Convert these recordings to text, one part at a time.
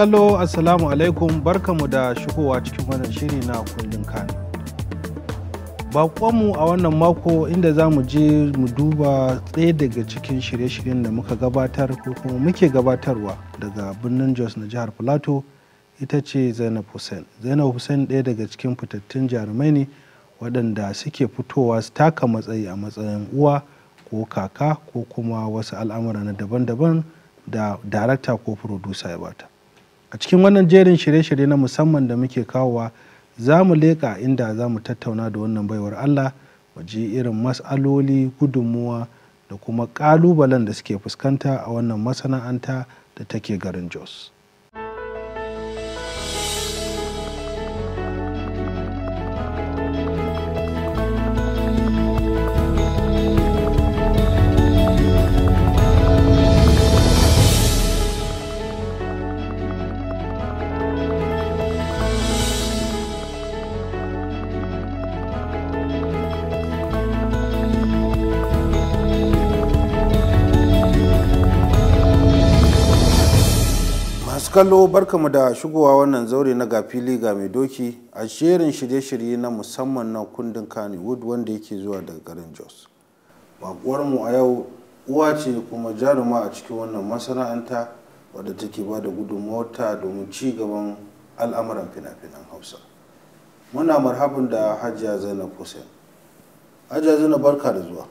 kallo assalamu alaikum barkamu da shigowa cikin wannan shiri na kundin kan bakonmu a wannan mako inda za mu je mu duba tsaye daga cikin shirye-shiryen da muka gabatar ko kuma muke gabatarwa daga birnin jos na jihar plato ita ce zainab hussein zainab hussein ɗaya daga cikin fitattun jarumai ne waɗanda suke fitowa su taka matsayi a matsayin uwa ko kaka ko kuma wasu al'amura na daban-daban da darakta ko furodusa ya bata a cikin wannan jerin shirye-shirye na musamman da muke kawowa za mu leƙa inda za mu tattauna da wannan baiwar allah mu ji irin matsaloli gudunmuwa da kuma ƙalubalen da suke fuskanta a wannan masana'anta da take garin jos. masu kallo barkamu da shigowa wannan zaure na ga fili ga mai doki a shirin shirye-shirye na musamman na kundin wood wanda yake zuwa daga garin jos mu a yau uwa ce kuma jaruma a cikin wannan masana'anta wadda take ba da mota domin ci gaban al'amuran fina-finan hausa muna marhabin da hajiya zainab hussein hajiya zainab barka da zuwa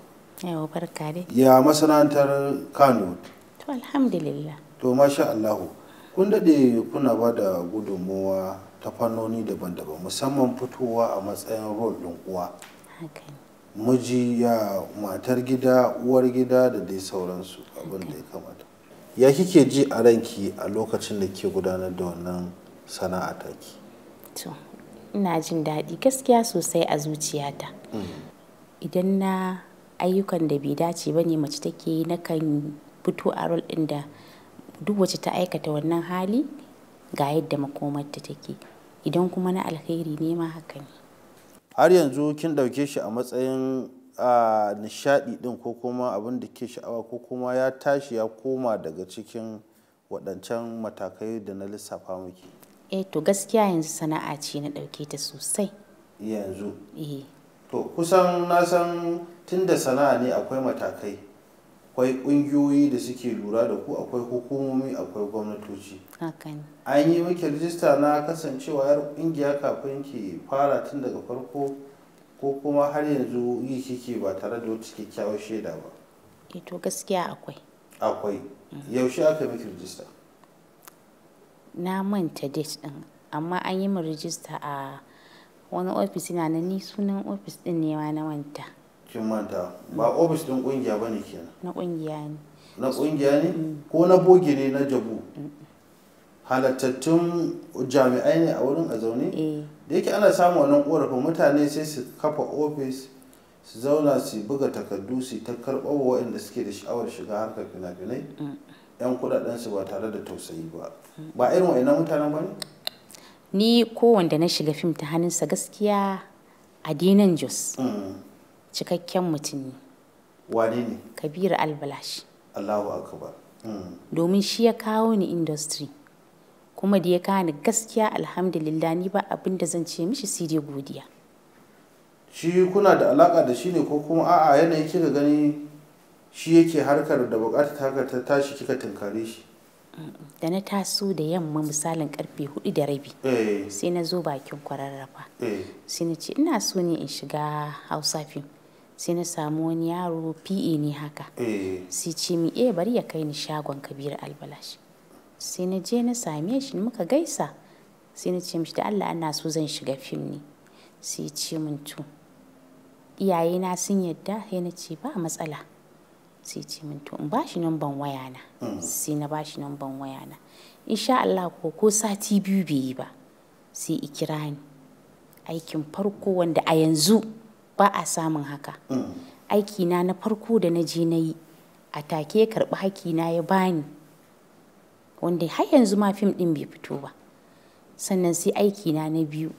ya masana'antar kannywood to alhamdulillah to masha allahu kun daɗe kuna ba da gudunmuwa ta fannoni daban-daban musamman fitowa a matsayin rol din uwa miji ya matar gida uwar gida da dai sauransu abin da ya kamata ya kike ji a ranki a lokacin da ke gudanar da wannan sana'a taki to ina jin daɗi gaskiya sosai a zuciyata mm. idan na ayyukan da bai dace ba ne mace take nakan fito a rol ɗin da duk wacce ta aikata wannan hali ga yadda makomarta take idan kuma na alkhairi ne ma haka ne har yanzu kin ɗauke shi a matsayin a nishaɗi ɗin ko kuma abin da ke sha'awa ko kuma ya tashi ya koma daga cikin waɗancan matakai da na lissafa muke eh to gaskiya yanzu sana'a ce na ɗauke ta sosai yanzu eh. to kusan na san tunda sana'a ne akwai matakai akwai ƙungiyoyi da suke lura da ku akwai hukumomi akwai gwamnatoci an yi miki rijista na kasancewa yar ƙungiya kafin ki fara tun daga farko ko kuma har yanzu yi kike ba tare da wata kyakkyawar shaida ba eh to gaskiya akwai akwai mm. yaushe aka yi miki rijista na manta date din amma an yi min rijista a wani ofis na ni sunan ofis din ne ma na manta cikin manta ba ofis din kungiya ba ne kenan na kungiya ne na kungiya ne mm. ko na boge ne na jabu mm. halattattun jami'ai ne a wurin a zaune eh. da yake ana samun wannan korafin mutane sai su kafa ofis su zauna su buga takardu su ta karɓar waɗanda suke da sha'awar shiga harkar fina-finai mm. yan kudadensu ba tare da tausayi ba ba irin wa'annan mutanen ba ne ni kowanda na shiga fim ta hannunsa gaskiya a dinan jos cikakken mutum ne. wane ne kabiru albalashi allahu akbar hmm. domin shi ya kawo ni industry kuma da ya kawo ni gaskiya alhamdulillah ni ba abin da zan ce mishi sai dai godiya shi kuna da alaka da shi ne ko kuma a'a yanayi kika gani shi yake harkar da bukatar ta tashi kika tunkare shi da na taso da yamma misalin karfe hudu da rabi eh. sai na zo bakin kwararrafa eh. sai na ce ina so ne in shiga hausa fim sai na samu wani yaro PE ne haka eh. sai ce mi eh bari ya kai ni shagon Kabir Albalash sai na je na same shi muka gaisa sai na ce mishi da Allah ana so zan shiga fim ne sai ce min to iyaye na sun yadda sai na ce ba matsala sai ce min to in ba shi namban waya na mm. sai na ba shi namban waya na insha Allah ko ko sati biyu bai yi ba sai i kira ni aikin farko wanda a yanzu ba a samun haka aiki na na farko da na je na yi a take ya karɓi haki na ya bani wanda har yanzu ma fim ɗin bai fito ba sannan sai aiki na na biyu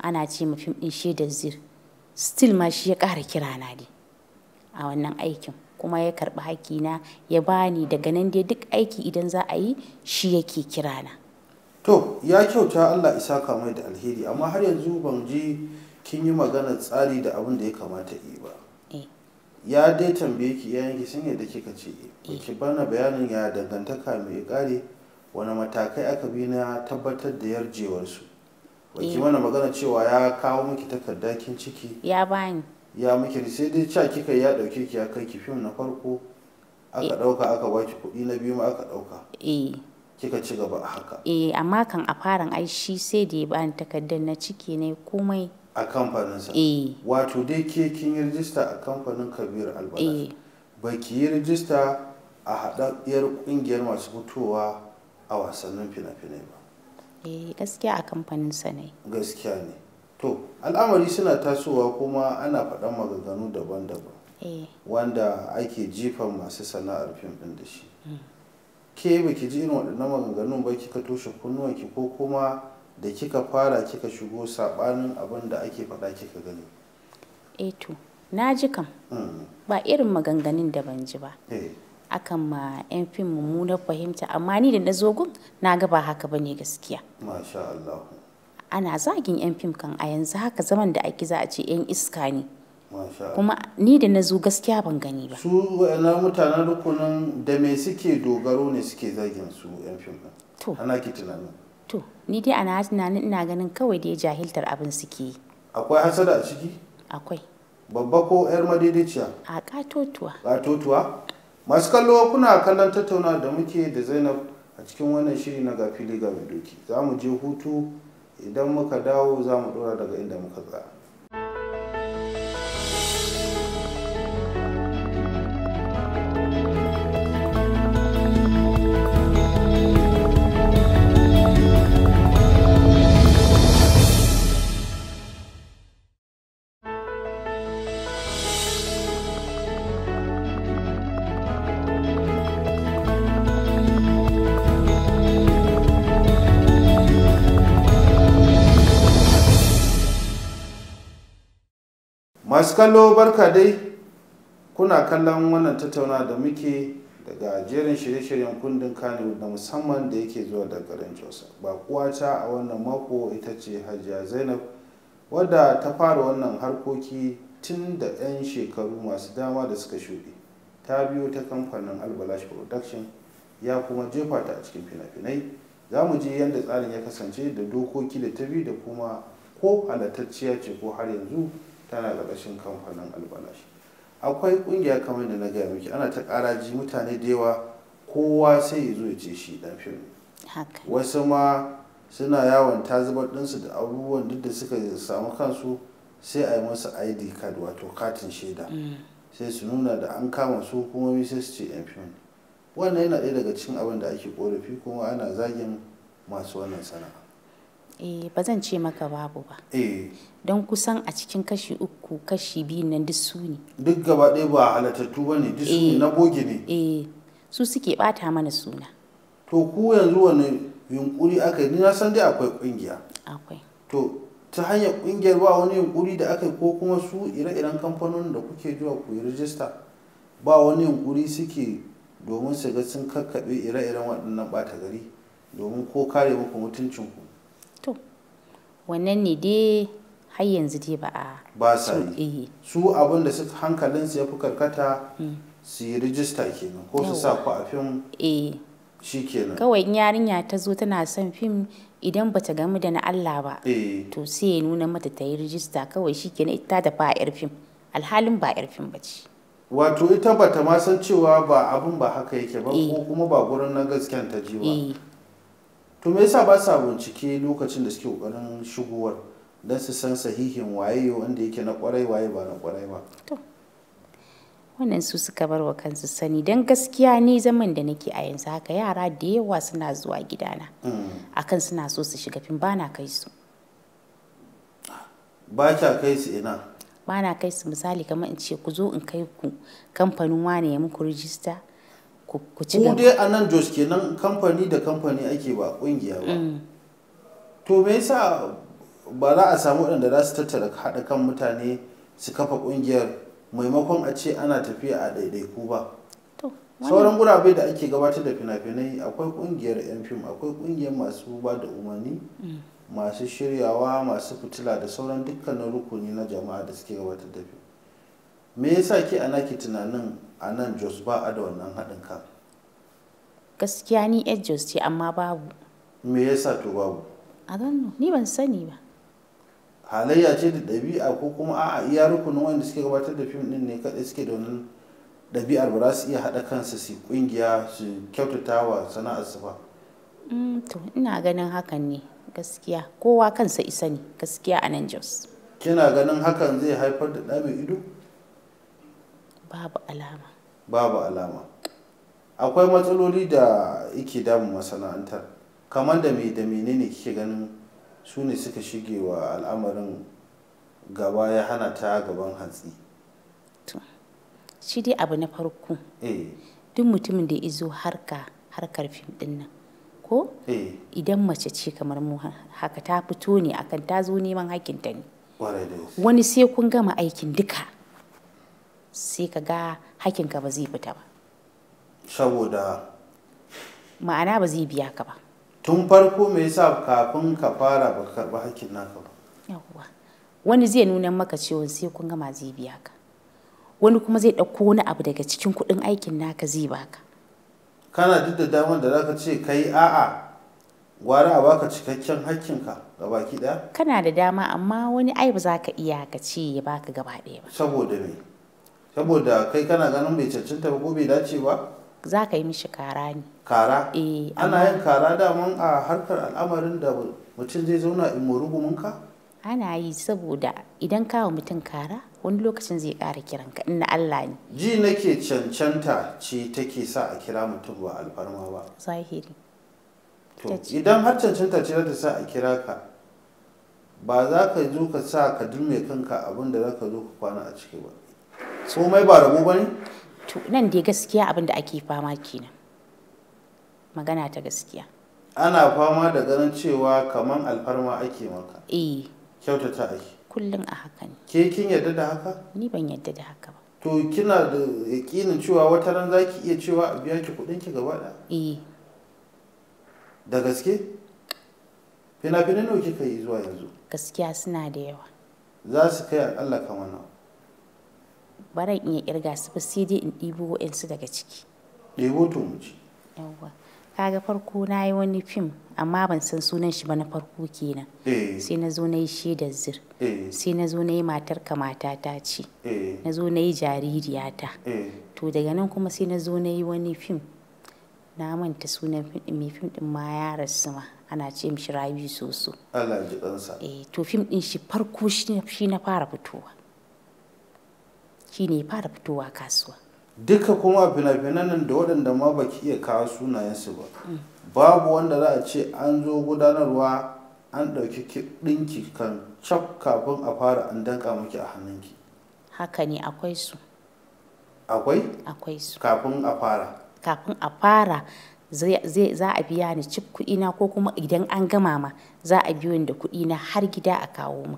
ana ce ma fim ɗin shaidar zir still ma shi ya ƙara kira na ne a wannan aikin kuma ya karɓi haki na ya bani daga nan dai duk aiki idan za a yi shi yake kira na to ya kyauta Allah isa kamai da alheri amma har yanzu ban je. kin yi magana tsari da abin da ya kamata yi ba eh. ya dai tambaye ki yayin ki sanya da kika ce eh. ki eh. bana bayanin ya dangantaka mai kare wani matakai aka bi na tabbatar da yarjewarsu su ki mana magana cewa ya kawo miki takarda kin ciki ya bani ya miki sai dai ca kika ya dauke ki ya kai ki fim na farko aka dauka aka baki kuɗi na biyu ma aka dauka kika ci gaba haka eh amma kan a faran ai sai da ya bani takardar na ciki ne komai a kamfaninsa e. wato dai ke kin yi rijista a kamfanin kabir albalas e. ba ki yi rijista a haɗaɗɗiyar ƙungiyar masu fitowa a wasannin fina-finai ba e, gaskiya a kamfaninsa ne gaskiya ne to al'amari suna tasowa kuma ana faɗan maganganu daban-daban wanda ake jifan masu sana'ar fim ɗin da shi mm. ke ki ji irin waɗannan maganganun ba kika toshe kunnuwanki ko kuma da kika fara kika shigo sabanin abin da ake faɗa kika gani eto eh na ji kam mm. ba irin maganganun da ban ji ba eh. akan ma 'yan fim mummunar fahimta amma ni da na gun na ga ba haka ba ne gaskiya masha Allah ana zagin 'yan fim kan a yanzu haka zaman da ake za a ce 'yan iska ne kuma ni da na zo gaskiya ban gani ba su na mutanen rukunin da me suke dogaro ne suke zagin su 'yan fim ana ki tunanin To, ni dai ana tunanin ina ganin kawai da ya jahiltar abin suke yi. Akwai hasada a ciki? Akwai. Babba ko 'yar madaidaiciya? A katotuwa. Katotuwa? Masu kallo kuna kallon tattauna da muke da Zainab a cikin wannan shiri na gafi ga mai doki. Za mu je hutu idan muka dawo za mu dora daga inda muka tsaya. masu kallo barka dai kuna kallon wannan tattauna da muke daga jerin shirye-shiryen kundin kano da musamman da yake zuwa da garin jos ta a wannan mako ita ce hajiya zainab wadda ta fara wannan harkoki tun da 'yan shekaru masu dama da suka shuɗe ta biyo ta kamfanin albalash production ya kuma jefa ta a cikin fina-finai za mu je yadda tsarin ya kasance da dokoki da ta bi da kuma ko halattacciya ce ko har yanzu tana ƙarƙashin kamfanin albalashi akwai ƙungiya kamar da na gaya miki ana ta ji mutane da yawa kowa sai ya zo ya ce shi dan fim wasu ma suna yawon ta zubar ɗinsu da abubuwan duk da suka samu kansu sai a yi masu id card wato katin shaida mm. sai su nuna da an kama su hukumomi sai su ce yan fim wannan yana ɗaya daga cikin abin da ake korafi kuma ana zagin masu wannan sana'a eh ba zan ce maka babu ba eh. don kusan a cikin kashi uku kashi biyu nan duk su ne duk gaba ɗaya ba halatattu ba ne duk su ne eh. na boge ne eh su suke bata mana suna to ku yanzu wani yunkuri aka yi na san dai akwai kungiya akwai to ta hanyar kungiyar ba wani yunkuri da aka yi ko kuma su ire-iren kamfanonin da kuke zuwa ku yi rijista ba wani yunkuri suke domin su ga sun kakkaɓe ire-iren waɗannan ɓata gari domin ko kare muku mutuncinku wannan ne dai har yanzu dai ba a ba sa eh. su abin da suka hankalinsu ya fi karkata hmm. su yi rijista kenan ko su sa ku a fim eh. shi kenan kawai in yarinya ta zo tana son fim idan ba ta gamu da na Allah ba eh. to sai ya nuna mata ta yi rijista kawai shi kenan ita da fa yar fim alhalin ba yar fim ba ce wato ita ba ta ma san cewa ba abin ba haka yake ba ko kuma ba gurin na gasken ta ji ba to me yasa ba sa bincike lokacin da suke kokarin shigowar don su san sahihin waye wanda yake na kwarai waye ba na kwarai ba wannan su suka bar wa kansu sani don gaskiya ni zaman da nake a yanzu haka yara da yawa suna zuwa gidana mm. akan suna so su shiga fim bana kai su ba kya kai su ina bana kai su misali kamar in ce ku zo in kai ku kamfanin wane ya muku rijista ku ci gaba. dai a nan Jos kenan kamfani da kamfani ake ba kungiya ba. Mm. To me yasa ba za a samu waɗanda za su tattara haɗa kan mutane su kafa ƙungiyar maimakon a ce ana tafiya a ɗaiɗaiku ba. Sauran gurabe da ake gabatar da fina-finai akwai ƙungiyar 'yan fim akwai ƙungiyar masu ba da umarni mm. masu shiryawa masu fitila da sauran dukkanin rukuni na jama'a da suke gabatar da fim. Me yasa ke ana ke tunanin a nan jos ba a da wannan haɗin kan gaskiya ni yar jos ce amma babu me yasa to babu a don ni ban sani ba halayya ce da ɗabi'a ko kuma a'a iya rukunin wanda suke gabatar da fim ɗin ne kaɗai suke da wannan ɗabi'ar ba za su iya haɗa kansu su ƙungiya su kyautata wa sana'ar su ba mm, to ina ganin hakan ne gaskiya kowa kansa isa ne gaskiya a nan jos kina ganin hakan zai haifar da ɗa ido babu alama babu alama akwai matsaloli da ike damu masana'antar kamar da mai da menene kike ganin su ne suka shige wa al'amarin gaba ya hana ta gaban hatsi. shi dai abu na farko eh. duk mutumin da ya izo harka har fim din nan ko eh. idan mace ce kamar mu haka ta fito ne akan ta zo neman hakinta ne wani sai kun gama aikin duka sai ka ga hakinka ba zai fita ba saboda ma'ana ba zai biya ka ba tun farko me yasa kafin ka fara ba karba hakkin naka ba yawwa wani zai nuna maka cewa sai kun gama zai biya ka wani kuma zai ɗauko wani abu daga cikin kuɗin aikin naka zai baka kana duk da damar da zaka ce kai a'a gwara a baka cikakken hakkinka gabaki ɗaya kana da dama amma wani ai ba za ka iya ka ce ya baka gaba ɗaya ba saboda me saboda kai kana ganin mai cancanta ba ko bai dace ba za ka yi mishi kara ne kara eh ana yin kara daman a harkar al'amarin da mutum zai zauna in ka ana yi saboda idan kawo mutum kara wani lokacin zai ƙara kiranka inna Allah ne ji nake cancanta ce take sa a kira mutum ba alfarma ba zahiri to idan har cancanta ce za ta sa a kira ka ba za ka zo ka sa ka dume kanka abin da za ka zo ka kwana a ciki ba mai ba rabo ba ne? to nan dai gaskiya abin da ake fama kenan magana ta gaskiya ana fama da ganin cewa kamar alfarma ake maka eh kyautata ake kullum a haka ne ke kin yadda da haka ni ban yadda da haka ba to kina da yakinin cewa wata ran zaki iya cewa a biya ki kudin ki gaba da eh da gaske fina-finai nawa kika yi zuwa yanzu gaskiya suna da yawa za su kai akalla kamar nawa baran iya kirga su ba sai dai in ɗibo su daga ciki. Ɗebo to mu ci. Yawwa. Kaga farko na yi wani fim amma ban san sunan shi ba na farko kenan. Eh. Sai na zo na yi shaidar zir. Eh. Sai na zo na yi matar kamata ta ce. Eh. Na zo na yi jaririyata. To daga nan kuma sai na zo na yi wani fim. Na manta sunan fim, mai fim ɗin ma ya rasu ma ana ce mishi rayu soso. Allah ji ɗansa. Eh to fim din shi farko shi na fara fitowa. shine fara fitowa kasuwa duka kuma fina-finan da waɗanda ma baki iya kawo sunayensu ba babu wanda za a ce an zo gudanarwa an ɗauki ɗinki kan cap kafin a fara an danka muke a hannunki haka ne akwai su akwai akwai su kafin a fara kafin a fara za a biya ni cip kuɗina ko kuma idan an gama ma za a biyo ni da na har gida a kawo mu.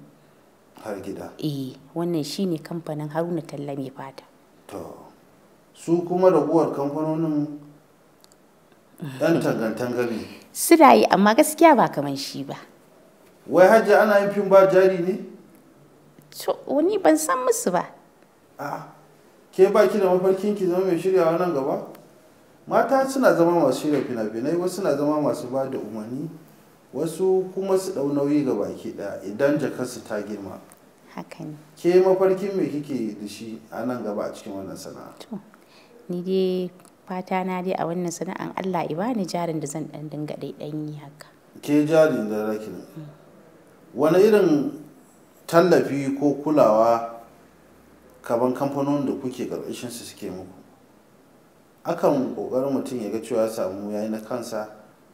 har gida eh wannan shine kamfanin haruna talla mai fata to su kuma raguwar kamfanonin dan tangantangar ne da yi amma gaskiya ba kamar shi ba wai hajji ana yin fim ba jari ne to wani ban san musu ba a ke ba ki da mafarkin ki zama mai shiryawa nan gaba mata suna zama masu shirya fina-finai wasu suna zama masu ba da umarni wasu kuma su ɗau nauyi ga baki ɗaya idan jakarsu ta girma haka ke mafarkin me kike da shi a nan gaba a cikin wannan sana'a ni dai fata na dai a wannan sana'an Allah i bani jarin da zan dan dinga yi haka ke jarin da raki mm. wani irin tallafi ko kulawa kaban kamfanonin da kuke karkashin su suke muku akan kokarin mutum ya ga cewa ya samu yayi na kansa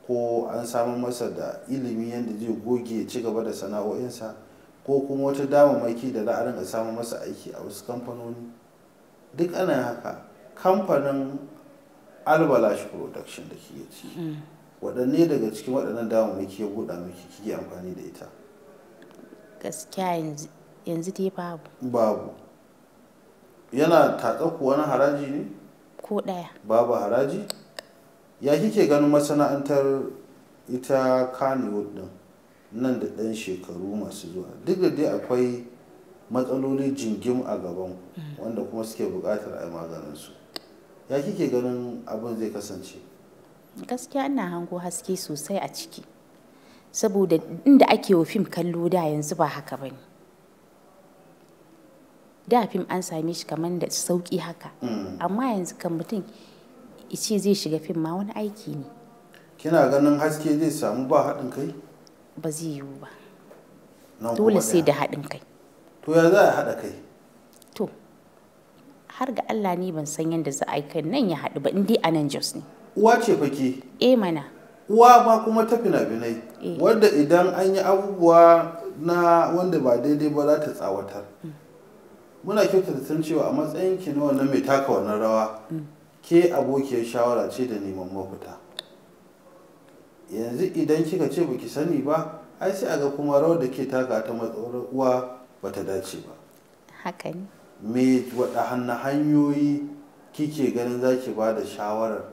ko an samar masa da ilimi yadda zai goge ya ci gaba da sana'o'insa ko kuma wata damammaki da za a rinka samun masa aiki a wasu kamfanoni duk ana haka kamfanin albalash production da ke ci mm. waɗanne daga cikin waɗannan damammaki ya buɗa miki kike amfani da ita gaskiya yanzu dai babu babu yana tatsaku wani haraji ne ko ɗaya babu haraji ya kike ganin masana'antar ita kanewood din nan da ɗan shekaru masu zuwa duk da dai akwai matsaloli jingim a gaban mm. wanda kuma suke buƙatar a maganin su ya kike ganin abin zai kasance gaskiya ina hango haske sosai a ciki saboda inda ake wa fim kallo da yanzu ba haka ba ne da fim an same shi kamar da sauƙi haka mm. amma yanzu kan mutum ice zai shiga fim ma wani aiki ne kina ganin haske zai samu ba haɗin kai ba zai yiwu ba dole sai da haɗin kai to ya za a haɗa kai to har ga Allah ni ban san yadda za a yi kai nan ya haɗu ba indai a nan Jos ne uwa ce fake eh mana uwa ba kuma ta fina-finai eh. wadda idan an yi abubuwa na wanda ba daidai ba za ta tsawatar mm. muna kyautata san cewa a matsayin ki na wannan mai taka wannan rawa mm. ke abokiyar shawara ce da neman mafita yanzu idan kika ce baki sani ba ai sai a ga kuma rawar da ke taka ta matsaurar uwa ba ta dace ba haka ne me waɗanne hanyoyi kike ganin za ki ba da shawarar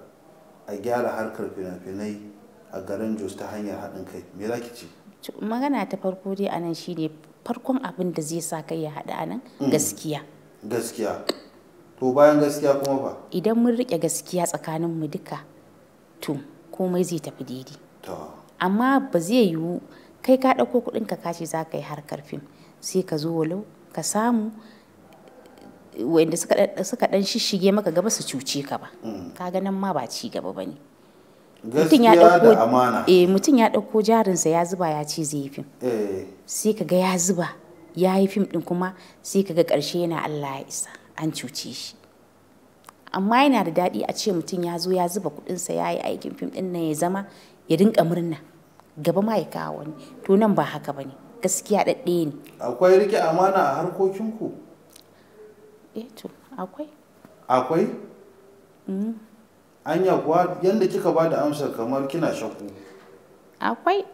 a gyara harkar fina-finai a garin jos ta hanyar haɗin kai me za ki ce magana ta farko dai anan shine farkon abin da zai sa kai ya haɗa anan mm. gaskiya gaskiya to bayan gaskiya kuma ba idan mun riƙe gaskiya tsakaninmu duka to komai zai tafi daidai amma ba zai yiwu kai ka ɗauko kuɗin ka kashi za ka yi harkar fim sai ka zo walau ka samu wanda suka ɗan shishige maka gaba su cuce ka ba mm. ka ganin ma ba ci gaba ba ne eh, mutum ya ɗauko jarinsa ya zuba ya ce zai yi fim eh. sai ka ga ya zuba ya yi fim ɗin kuma sai ka ga ƙarshe yana allah ya isa an cuce shi amma yana da daɗi a ce mutum ya zo ya zuba kuɗinsa ya yi aikin fim ɗin nan ya zama ya dinka murna gaba ma ya kawo wani to nan ba haka bane gaskiya ɗaɗɗe ne akwai rike amana a harkokinku eh to akwai akwai mm. anya kuwa yadda kika ba da amsar kamar kina shakku akwai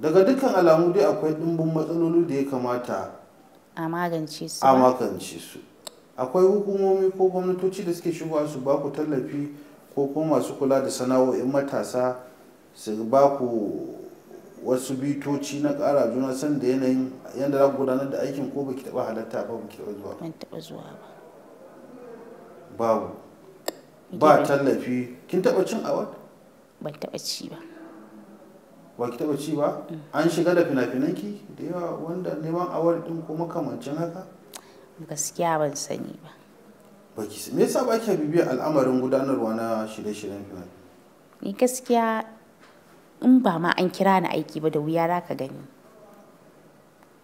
daga dukkan alamu dai akwai ɗimbin matsaloli da ya kamata a magance su a magance su akwai hukumomi ko gwamnatoci da suke shigowa su ba ku tallafi ko kuma masu kula da sana'o'in matasa su ba ku wasu bitoci na kara juna san da yanayin yadda za ku gudanar da aikin ko baki taba halatta ba baki taba zuwa zuwa ba babu ba tallafi kin taba cin awad ban taba ci ba ba ki taba ci ba mm. an shiga da fina-finanki da yawa wanda neman awar din ko makamancin haka gaskiya ban sani ba baki me yasa ba ki bibiyar al'amarin gudanarwa na shirye-shiryen fina ni gaskiya in ba ma an kira ni aiki ba da wuya za ka gani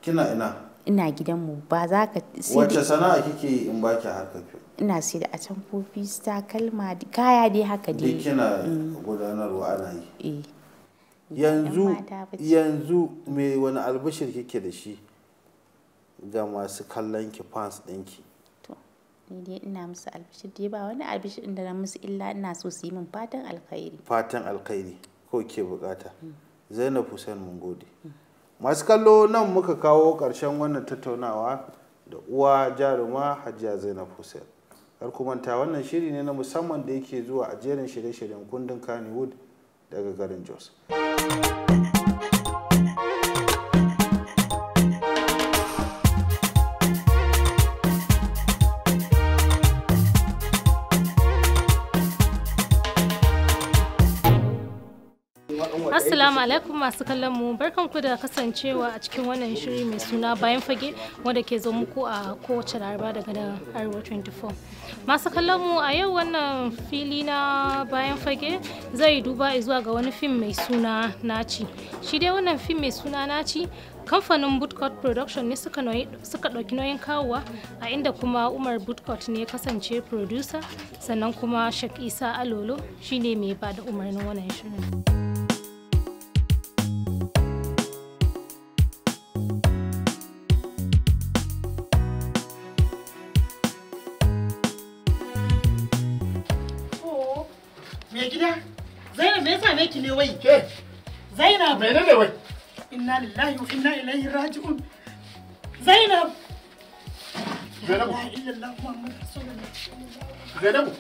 kina ina ina gidanmu ba za ka wacce sana'a kike in ba ki harkar ina sai da kofi ta kalma kaya dai haka dai duk kina mm. gudanarwa ana yi eh. yanzu yanzu me wani albashir kike da shi ga masu kallon ki fans ɗinki ni dai ina musu albishir dai ba wani albishir da na musu illa ina so su yi min fatan alkhairi fatan alkhairi ko ke bukata mm. zainab hussein mun gode masu kallo nan muka kawo karshen wannan tattaunawa da uwa jaruma hajiya zainab hussein har manta wannan shiri ne na musamman da yake zuwa a jerin shirye-shiryen kundin kannywood daga garin jos Assalamu alaikum masu kallon mu barkanku da kasancewa a cikin wannan shiri mai suna bayan fage wanda ke zo muku a kowace laraba daga nan Arewa 24. Masu kallon mu a yau wannan fili na bayan fage zai duba zuwa ga wani fim mai suna naci. Shi dai wannan fim mai suna naci kamfanin bootcut production ne suka ɗauki nauyin kawowa a inda kuma umar bootcut ne kasance producer sannan kuma shakisa isa alolo shine mai ba da umarnin wannan shirin. gida zainab me yasa ki ne wai ke zainab wai inna lillahi wa inna ilaihi raji'un zainab zainab zainab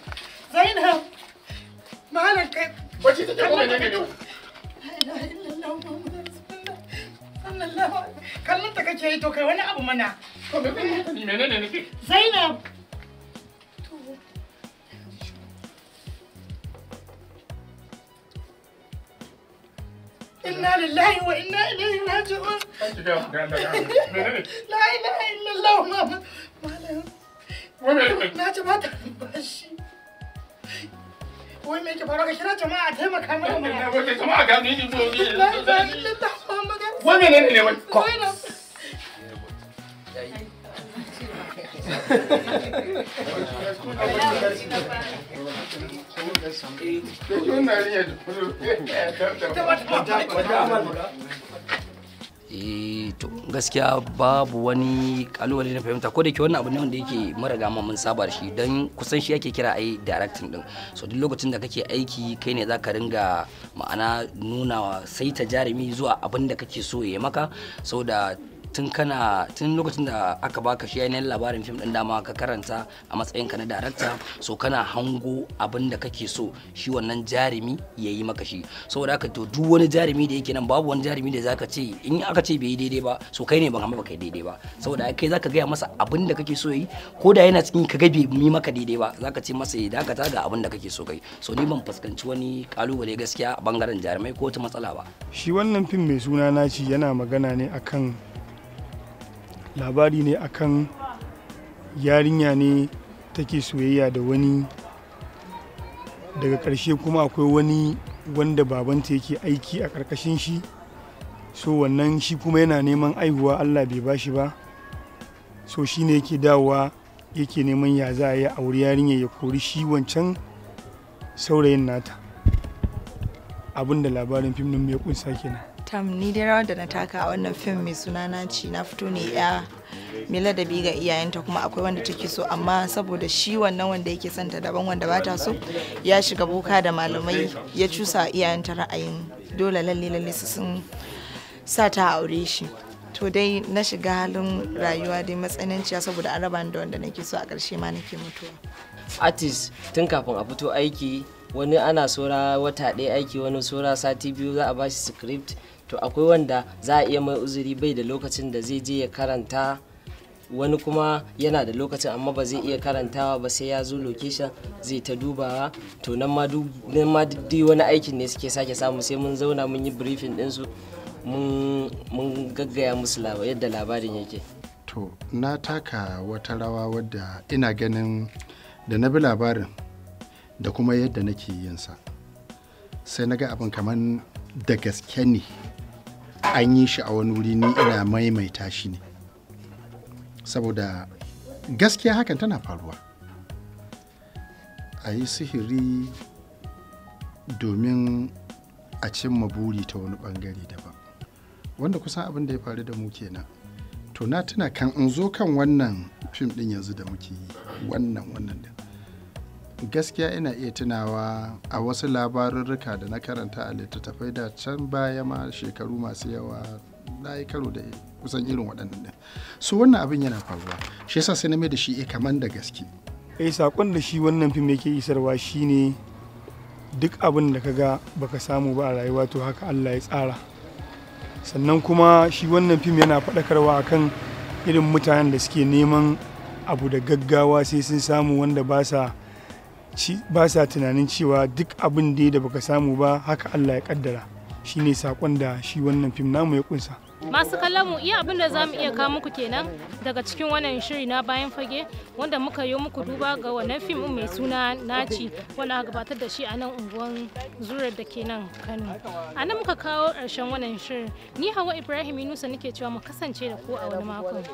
zainab malam kai bace ta ne kallon ta to kai wani abu mana to ne ne zainab inna lillahi wa inna ilaihi raji'un la ilaha illallah mama malam na ji ba ta bashi wai me ke faruwa ka kira jama'a taimaka mana mana wai jama'a ga ni ni zo ni la ilaha illallah mama wai menene ne wai ko Thank you. Eh, to gaskiya babu wani kalubale na fahimta ko da ke wannan abu ne wanda yake mara ma mun saba shi don kusan shi ake kira ai directing din so duk lokacin da kake aiki kai ne zaka ringa ma'ana nuna sai ta jarumi zuwa abin da kake so ya maka saboda tun kana tun lokacin da aka baka shi yanayin labarin fim din dama ka karanta a matsayin ka na darakta so kana hango abin da kake so shi wannan jarumi ya yi maka shi saboda haka to duk wani jarumi da yake nan babu wani jarumi da zaka ce in aka ce bai yi daidai ba so kai ne ban hama kai daidai ba saboda kai zaka gaya masa abin da kake so yi ko da yana cikin ka ga bai yi maka daidai ba zaka ce masa ya dakata ga abin da kake so kai so ni ban fuskanci wani kalubale gaskiya a bangaren jarumai ko wata matsala ba shi wannan fim mai suna naci yana magana ne akan labari ne akan yarinya ne take soyayya da wani daga ƙarshe kuma akwai wani wanda babanta yake aiki a ƙarƙashin shi so wannan shi kuma yana neman aihuwa allah bai ba shi ba so shi ne yake dawowa yake neman ya za a yi auri yarinya ya kori shi wancan saurayin nata abinda labarin fim ɗin mai kunsa kenan tam ni dai rawar da na taka a wannan fim mai suna na ci na fito ne ya mila ladabi ga iyayenta kuma akwai wanda take so amma saboda shi wannan wanda yake son ta daban wanda bata so ya shiga boka da malamai ya cusa iyayenta ra'ayin dole lalle lalle su sun sa ta aure shi to dai na shiga halin rayuwa dai matsananciya saboda an raba da wanda nake so a ƙarshe ma nake mutuwa artist tun kafin a fito aiki wani ana sora wata ɗaya aiki wani sora sati biyu za a bashi script to akwai wanda za a iya mai uzuri bai da lokacin da zai je ya karanta wani kuma yana da lokacin amma ba zai iya karantawa ba sai ya zo location zai ta dubawa to nan ma duk wani aikin ne suke sake samu sai mun zauna mun yi briefing ɗinsu mun gaggaya musu yadda labarin yake to na taka wata rawa wadda ina ganin da na bi labarin da kuma yadda nake yin sa sai na ga abin kamar da gaske ne an yi shi a wani wuri ni ina maimaita shi ne saboda gaskiya hakan tana faruwa a yi sihiri domin a cimma buri ta wani bangare daban wanda kusan abin da ya faru da mu kenan to na tuna kan in zo kan wannan fim din yanzu da muke yi wannan wannan din gaskiya ina iya tunawa a wasu labarurruka da na karanta a littattafai da can baya ma shekaru masu yawa na yi karo da kusan irin waɗannan ɗin su wannan abin yana faruwa shi yasa sai na mai da shi eh kaman da gaske eh saƙon da shi wannan fim yake isarwa shine duk abin da ka ga baka samu ba a rayuwa to haka Allah ya tsara sannan kuma shi wannan fim yana faɗakarwa akan irin mutanen da suke neman abu da gaggawa sai sun samu wanda ba sa ba sa tunanin cewa duk abin da da baka samu ba haka Allah ya kaddara shine sakon da shi wannan fim namu ya kunsa masu kallon mu iya abin da za mu iya kawo muku kenan daga cikin wannan shiri na bayan fage wanda muka yi muku duba ga wannan fim mai suna naci wanda gabatar da shi a nan unguwan zurar da ke nan kano a nan muka kawo ƙarshen wannan shirin ni hawa ibrahim yunusa nake cewa mu kasance da ku a wani makon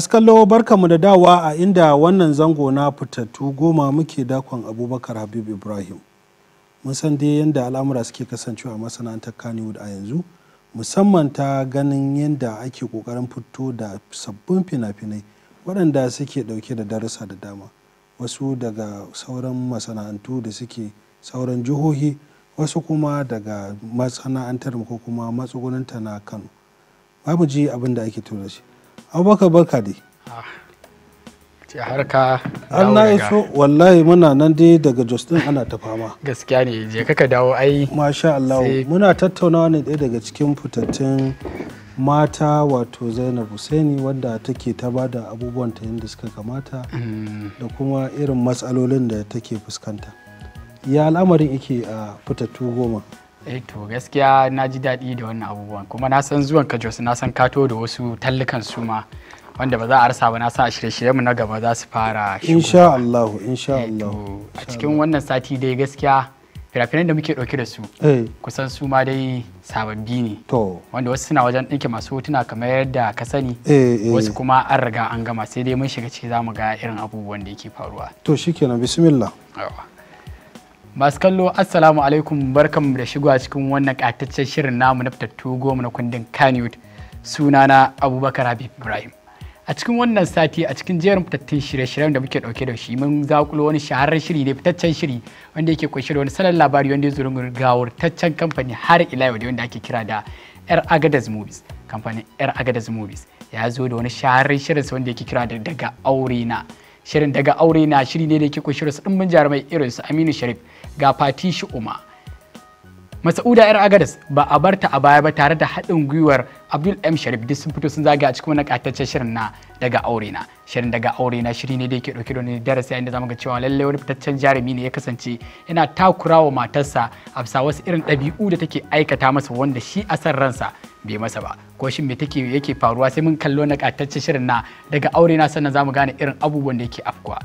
masu kallo barkamu da dawa a inda wannan zango na fitattu goma muke dakon abubakar habib ibrahim mun san dai yadda al'amura suke kasancewa a masana'antar kanewood a yanzu musamman ta ganin yadda ake kokarin fito da sabbin fina-finai waɗanda suke ɗauke da darussa da dama wasu daga sauran masana'antu da suke sauran jihohi wasu kuma daga masana'antar ko kuma matsugunanta na kano babu ji abin da ake tura shi abubakar barka dai ah, ce harka an na so wallahi muna nan dai daga jos din ana ta fama gaskiya ne je kaka dawo ai masha Allah muna tattaunawa ne ɗaya daga cikin fitattun mata wato zainab husaini wadda take ta ba da abubuwan ta yadda suka kamata mm. da kuma irin matsalolin da take fuskanta ya al'amarin yake a fitattu goma eh to gaskiya na ji daɗi da wannan abubuwan kuma na san zuwan ka jos na san kato da wasu tallukan su ma wanda ba za a rasa ba na san a shirye-shirye mu na gaba za su fara insha Allah insha eh, Allah a cikin wannan sati dai gaskiya fina-finan da muke ɗauke da su eh. kusan su ma dai sababbi ne wanda wasu suna wajen ɗinke masu hotuna kamar yadda ka sani eh, wasu kuma an riga an gama sai dai mun shiga ciki za mu ga irin abubuwan da yake faruwa to shikenan bismillah masu kallo assalamu alaikum barkan da shigowa cikin wannan ƙataccen shirin namu na fitattu goma na kundin kanyut sunana abubakar habib ibrahim a cikin wannan sati a cikin jerin fitattun shirye-shiryen da muke dauke da shi mun zakulo wani shahararren shiri ne fitaccen shiri wanda yake kunshe da wani salon labari wanda ya zo taccen kamfani har ila yau wanda ake kira da yar agadas movies kamfanin yar agadas movies ya zo da wani shahararren shirin wanda yake kira da daga aure na shirin daga aure na shiri ne da yake kunshe da su dimbin jarumai irin aminu sharif ga fati shi uma Masauda 'yar Agadas ba a barta a baya ba tare da haɗin gwiwar Abdul M. Sharif duk sun fito sun zaga a cikin wani ƙataccen shirin na daga aure na. Shirin daga aure na shiri ne da yake ɗauke da wani darasi inda zamu ga cewa lallai wani fitaccen jarumi ne ya kasance yana wa matarsa a bisa wasu irin ɗabi'u da take aikata masa wanda shi a san ransa bai masa ba ko shin me take yake faruwa sai mun kallo na shirin na daga aure na sannan zamu gane irin abubuwan da yake afkuwa.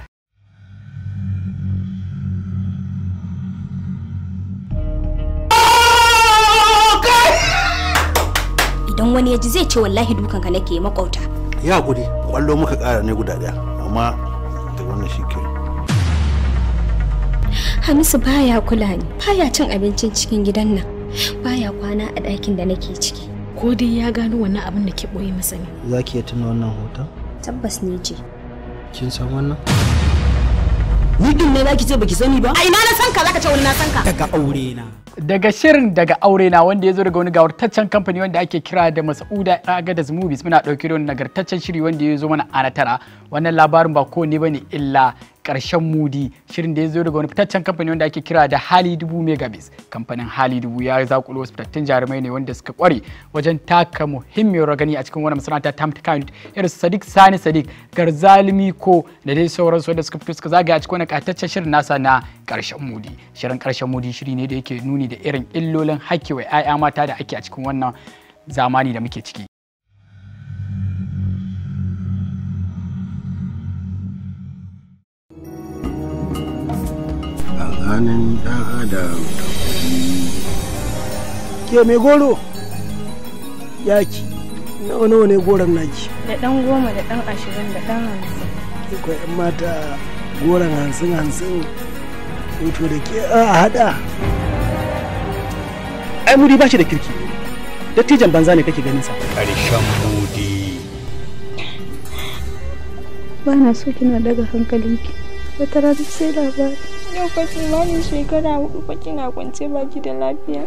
idan wani ya ji zai ce wallahi dukanka nake makauta. ya gudi, kwallo muka kara ne guda daya amma da wannan shi ke Hamisu baya kula ni baya cin abincin cikin gidan nan baya kwana a ɗakin da nake ciki ko dai ya gano wannan abin da ke ɓoye masa ne za ki iya tuna wannan hoton tabbas ne je. kin san wannan Ni ne zaki ce baki sani ba? A ina na san ka zaka ce wani na san ka. Daga aure na. Daga shirin daga aure na wanda ya zo daga wani gawartaccen kamfani wanda ake kira da Mas'uda Agadas Movies muna dauke da wani nagartaccen shiri wanda ya zo mana a tara. Wannan labarin ba ko ne bane illa karshen mudi shirin da ya zo daga wani fitaccen kamfani wanda ake kira da hali dubu megabits kamfanin hali dubu ya zakulo wasu fitattun jarumai ne wanda suka kware wajen taka muhimmiyar gani a cikin wani masana ta mutu irin sadiq sani sadiq garzalimi ko da dai sauransu wanda suka fito suka zagaya a cikin wani kataccen shirin nasa na karshen mudi shirin karshen mudi shiri ne da yake nuni da irin illolin hakki wa 'ya'ya mata da ake a cikin wannan zamani da muke ciki dan adam ke mai goro yaki nawa nawa ne goron naki da dan goma da dan ashirin da dan hamsin ke kwa yan mata goron hamsin hamsin wato da ke a hada ai mudi ba shi da kirki dattijan banza ne kake ganin sa karshen mudi ba na so kina daga hankalinki wata rana sai labari yau ba kimanin shekara hudu ba kina kwance baki da lafiya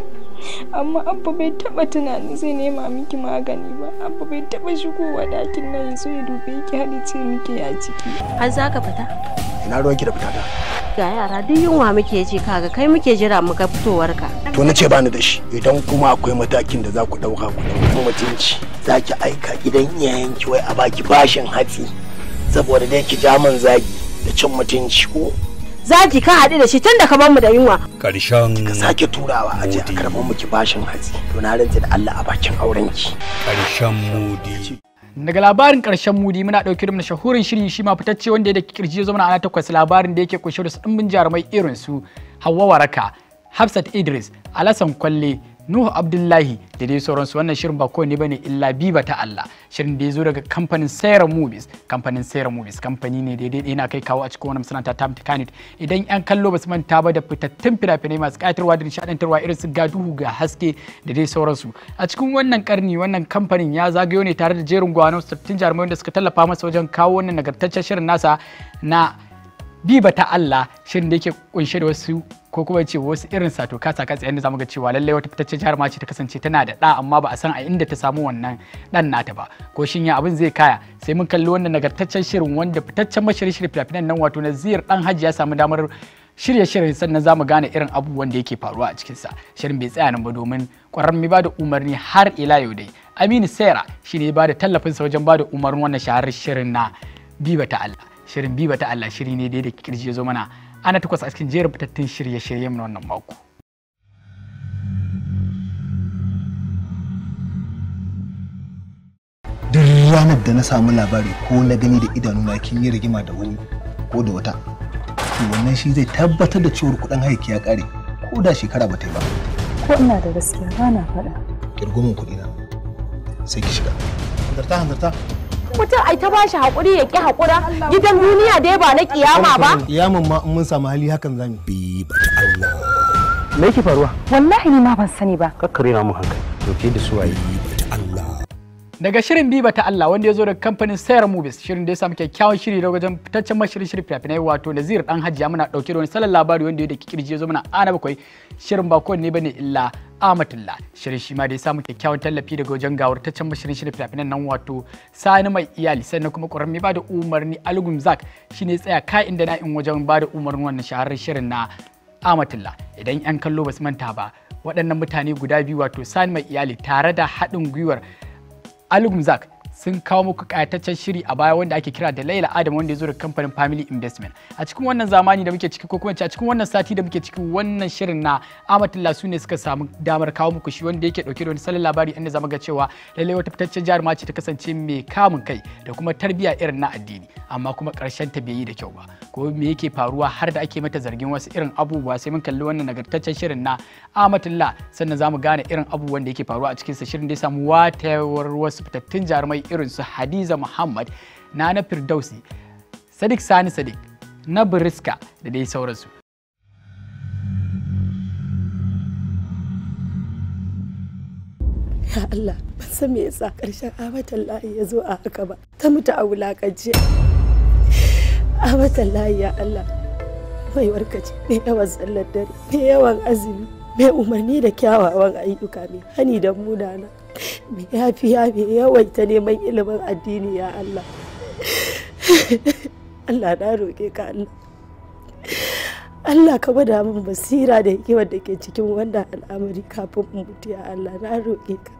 amma abba bai taba tunanin zai nema miki magani ba abba bai taba shigowa dakin nan ya so ya dube ki hadi ce miki ya ciki har za ka fita ina ruwan ki da fita ta ga yara duk yunwa muke ji kaga kai muke jira muka fitowar ka to nace ba ni da shi idan kuma akwai matakin da za ku dauka ku dauko mutunci za ki aika iyayen iyayenki wai a baki bashin hatsi saboda dai ki ja man zagi da cin mutunci ko zaki ka haɗu da shi tun da ka bar mu da yunwa karshen ka sake turawa a je a karɓar miki bashin hatsi to na rantsa da Allah a bakin auren ki karshen mudi daga labarin karshen mudi muna ɗauke da shahurin shiri shi ma fitacce wanda ya da kirji zama ana takwas labarin da yake kunshe da su jarumai irin su Hawwa Waraka Hafsat Idris Alasan Kwalle Nuhu Abdullahi da dai sauransu wannan shirin ba kowane bane illa biba ta Allah shirin da ya zo daga kamfanin Sera Movies kamfanin Sera Movies kamfani ne daidai yana kai kawo a cikin wannan masana ta Mutakanit idan yan kallo basu manta ba da fitattun fina-finai masu katarwa da nishadantarwa irin su gaduhu ga haske da dai sauransu a cikin wannan karni wannan kamfanin ya zagayo ne tare da jerin gwano sabbin jarumai da suka tallafa masa wajen kawo wannan nagartaccen shirin nasa na biba ta Allah shirin da yake kunshe da wasu ko kuma ce wasu irin sato kasa kasa yadda zamu ga cewa lallai wata fitacce jihar ma ce ta kasance tana da ɗa amma ba a san a inda ta samu wannan ɗan nata ba ko shin ya abin zai kaya sai mun kalli wannan nagartaccen shirin wanda fitaccen mashirin shirin fina nan wato na ziyar ɗan hajji ya samu damar shirye shirin sannan zamu gane irin abubuwan da yake faruwa a cikin sa shirin bai tsaya nan ba domin ƙwararren mai bada umarni har ila yau dai aminu sera shine ya bada sa wajen bada umarnin wannan shahararren shirin na biba ta allah shirin biba ta shiri ne da kirji ya zo mana ana takwas a cikin jerin fitattun shirye-shiryen na wannan mako. Duk ranar da na samu labari ko na gani da idanu na kin yi rigima da wani ko da wata, to wannan shi zai tabbatar da cewar kuɗin haiki ya ƙare ko da shekara ba ta yi ba. Ko ina da gaskiya ba na faɗa. Kirgumin kuɗina sai ki shiga. Hanzarta hanzarta. mutum ai ta bashi hakuri ya ki hakura gidan duniya dai ba na kiyama ba kiyaman ma mun samu hali hakan zamu bi ba ta Allah me yake faruwa wallahi ni ma ban sani ba kakkare na mu hankali to ke da suwaye Allah daga shirin biba ta Allah wanda ya zo daga kamfanin sayar movies shirin da ya samu kyakkyawan shiri da wajen fitaccen mashirin shirin fina-finai wato nazir dan hajiya muna dauke da wani salon labari wanda ya da kirji ya zo mana ana bakwai shirin ba kowanne bane illa Amatullah shirin shi ma da ya samu kyakkyawan tallafi daga wajen gawar ta mashirin shirin fina-finan nan wato sani mai iyali sannan kuma ƙwararren mai bada umarni algum zak shine tsaya ka inda na in wajen bada umarnin wannan shahararren shirin na Amatullah idan yan kallo basu manta ba waɗannan mutane guda biyu wato sani mai iyali tare da haɗin gwiwar algum zak sun kawo muku kayataccen shiri a baya wanda ake kira da Laila Adam wanda ya zo da kamfanin Family Investment. A cikin wannan zamani da muke ciki ko kuma a cikin wannan sati da muke ciki wannan shirin na Amatullah su ne suka samu damar kawo muku shi wanda yake dauke da wani salon labari inda zama ga cewa lallai wata fitaccen jaruma ce ta kasance mai kamun kai da kuma tarbiyya irin na addini amma kuma karshen ta bai yi da kyau ba. Ko me yake faruwa har da ake mata zargin wasu irin abubuwa sai mun kalli wannan nagartaccen shirin na Amatullah sannan zamu gane irin abubuwan da yake faruwa a cikin sa shirin da ya samu watayar wasu fitattun jarumai irin su hadiza muhammad nana firdausi sadiq sani sadiq na biriska da dai sauransu ya Allah ban san me yasa ƙarshen Amatan layi ya zo a haka ba ta mutu a wulaƙance. Amatan layi ya Allah mai warkace ne yawan tsallar dare ne yawan azumi mai umarni da kyawawan ayyuka mai hani da munana fi ya fi yawaita neman ilimin addini ya Allah Allah na roƙe ka Allah Allah ka bada min basira da hikimar da ke cikin wanda al'amari kafin in mutu ya Allah na roƙe ka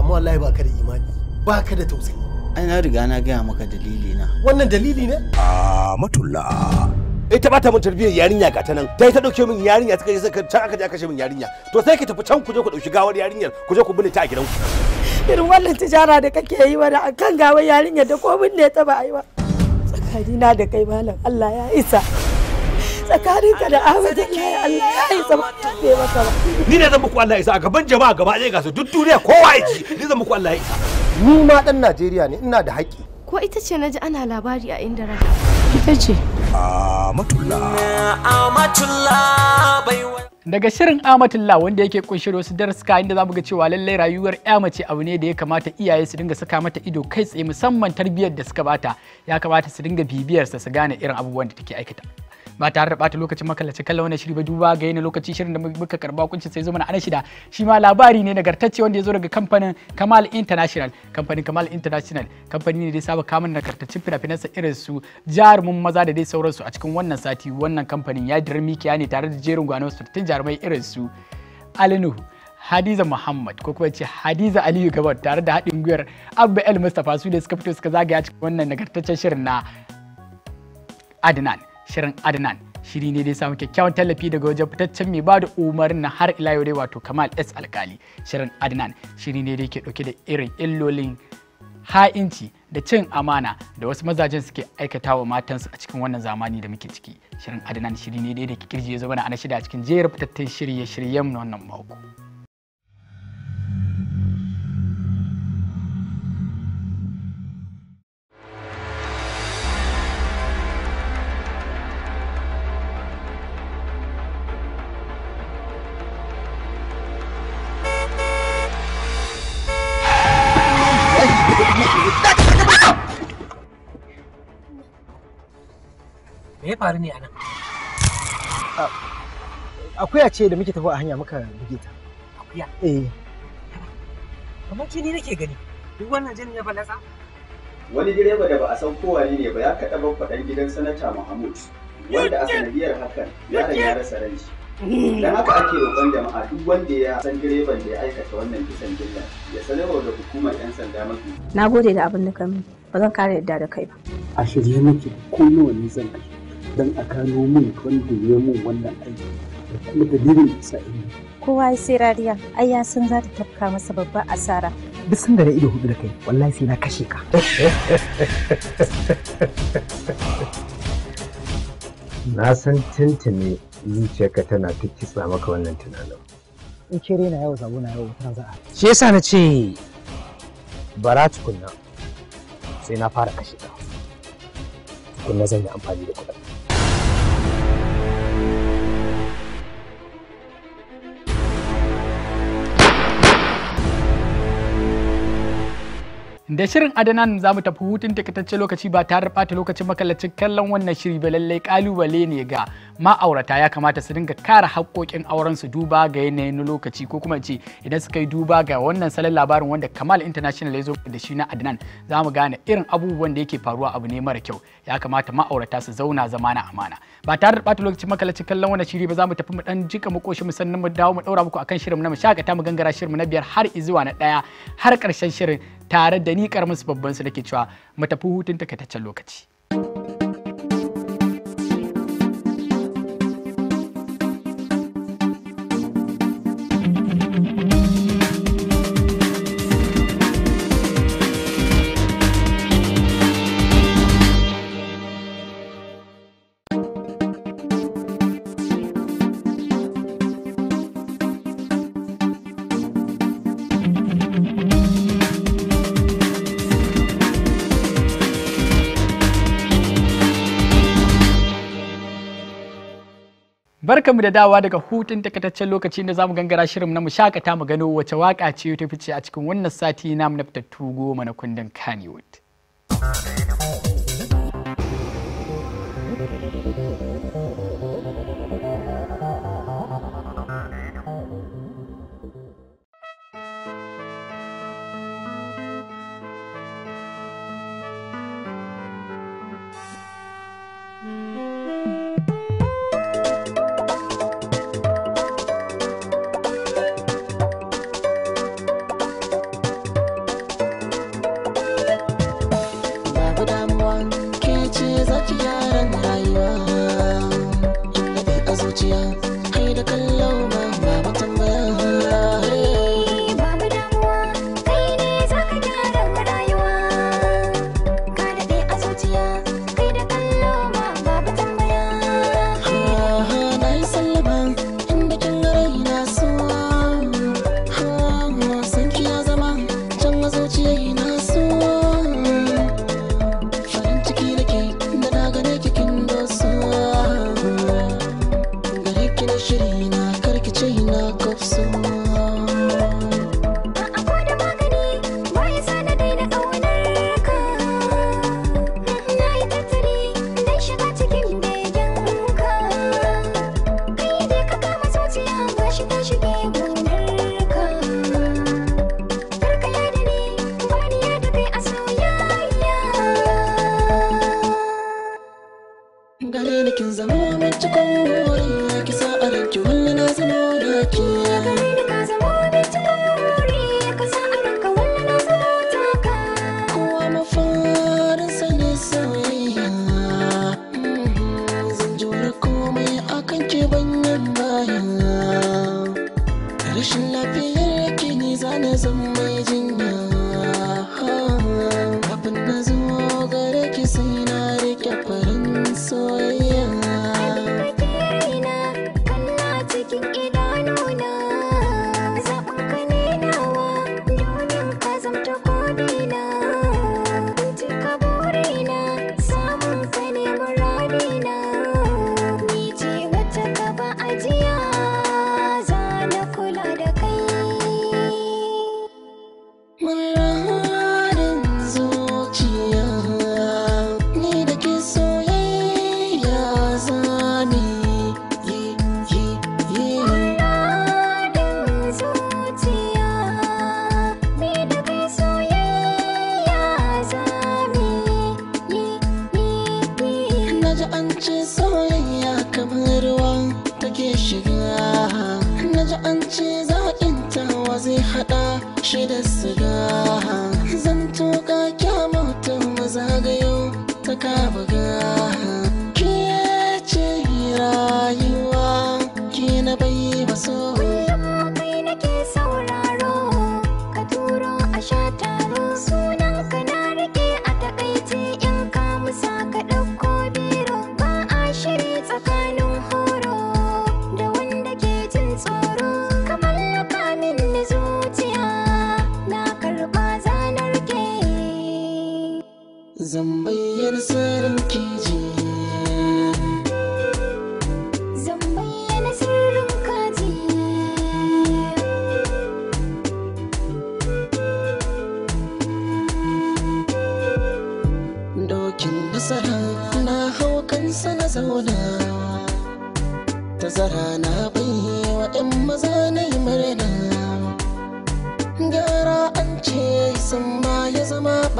amma wallahi ba ka da imani ba ka da tausayi ai na riga na gaya maka dalili na wannan dalili ne a matulla ita ba ta mun tarbiyyar yarinya ga ta nan ta yi ta dauke min yarinya ta kai sai can aka je aka kashe min yarinya to sai ki tafi can ku je ku dauki gawar yarinyar ku je ku binne ta a gidanku irin wannan tijara da kake yi wa da kan gawar yarinyar da ko binne ta ba yi ba tsakanina da kai malam Allah ya isa tsakaninka da Ahmad kai Allah ya isa ba ne maka ba ni ne zan muku Allah ya isa a gaban jama'a gaba ɗaya ga su duk duniya kowa ya ji ni zan muku Allah ya isa ni ma dan Najeriya ne ina da haƙƙi ko ita ce naji ana labari a inda rana ita ce daga shirin amatullah wanda yake kunshi wasu darsuka inda zamu ga cewa lallai rayuwar ya mace abu ne da ya kamata iyaye su dinga saka mata ido kai tsaye musamman tarbiyyar da suka bata ya kamata su dinga bibiyarsa su gane irin abubuwan da take aikata ba tare da bata lokacin makallace kallon wannan shiri ba duba ga yana lokaci shirin da muka karba kunci sai zo mana ana shida shi ma labari ne nagartacce wanda ya zo daga kamfanin Kamal International kamfanin Kamal International kamfani ne da ya saba kamun nagartaccen fina sa irin su jarumin maza da dai sauransu a cikin wannan sati wannan kamfanin ya dirmi mikiya ne tare da jerin gwanon tun jarumai irin su Alinu Hadiza Muhammad ko kuma ce Hadiza Aliyu Gabar tare da haɗin gwiwar Abba El Mustapha su da suka fito suka zagaya cikin wannan nagartaccen shirin na Adnan. shirin Adnan. Shiri ne dai samu kyakkyawan tallafi daga wajen fitaccen mai bada umarnin har ila yau dai wato Kamal S Alkali. Shirin Adnan shiri ne ke ke dauke da irin illolin ha'inci da cin amana da wasu mazajen suke aikata wa matansu a cikin wannan zamani da muke ciki. Shirin Adnan shiri ne da ke kirji ya zama na ana shida a cikin jerin fitattun shirye-shiryen wannan mako. ya faru ne anan akuya ce da muke tafi a hanya muka buge ta akuya eh kamar ni nake gani duk wannan jini ya fallasa wani direba da ba a san kowane ne ba ya kaɗa ban faɗan gidan sanata Mahmud wanda a sanadiyar hakan ya yaron ya rasa ran shi dan haka ake roƙon jama'a duk wanda ya san direban da ya aikata wannan kisan gilla ya sanarwa da hukumar 'yan sanda mafi na gode da abin da ka ba zan kare yadda da kai ba a shirye nake ko wani zan kashe don a kano min wanda ya mun wannan aiki da kuma dalilin da sa kowa ya sai rariya ai ya san za ta tafka masa babban asara duk sun da ido hudu da kai wallahi sai na kashe ka na san tintini zuciyarka tana ta kitsa maka wannan tunanin in ke rena yau zabo na yau wata za'a shi yasa na ce bara tukunna sai na fara kashe ka tukunna zan yi amfani da kuɗi. da shirin adanan za mu tafi hutun takatacce lokaci ba tare bata lokacin makallacin kallon wannan shiri ba lallai kalubale ne ga ma'aurata ya kamata su dinga kare haƙoƙin auren su duba ga yanayin lokaci ko kuma ce idan suka yi duba ga wannan salon labarin wanda Kamal International ya zo da shi na Adnan za mu gane irin abubuwan da yake faruwa abu ne mara kyau ya kamata ma'aurata su zauna zama na amana ba tare da bata lokacin makallacin kallon wannan shiri ba za mu tafi mu dan jika mu koshi mu sannan mu dawo mu daura muku akan shirin na mu shakata mu gangara shirin na biyar har izuwa na daya har karshen shirin tare da ni karamin babban su nake cewa mu tafi hutun takaitaccen lokaci Barkamu da dawa daga hutun takataccen lokaci da zamu gangara shirin na mu shakata mu gano wace waka ce ta fice a cikin wannan sati mu na fitattu goma na kundin Kannywood. na ji an ce soyayya kamar ruwa take shiga na ji an ce zaƙinta wa zai haɗa shi da siga zan maza ga mazagayo ta kama ga ke ce rayuwa ke na bai maso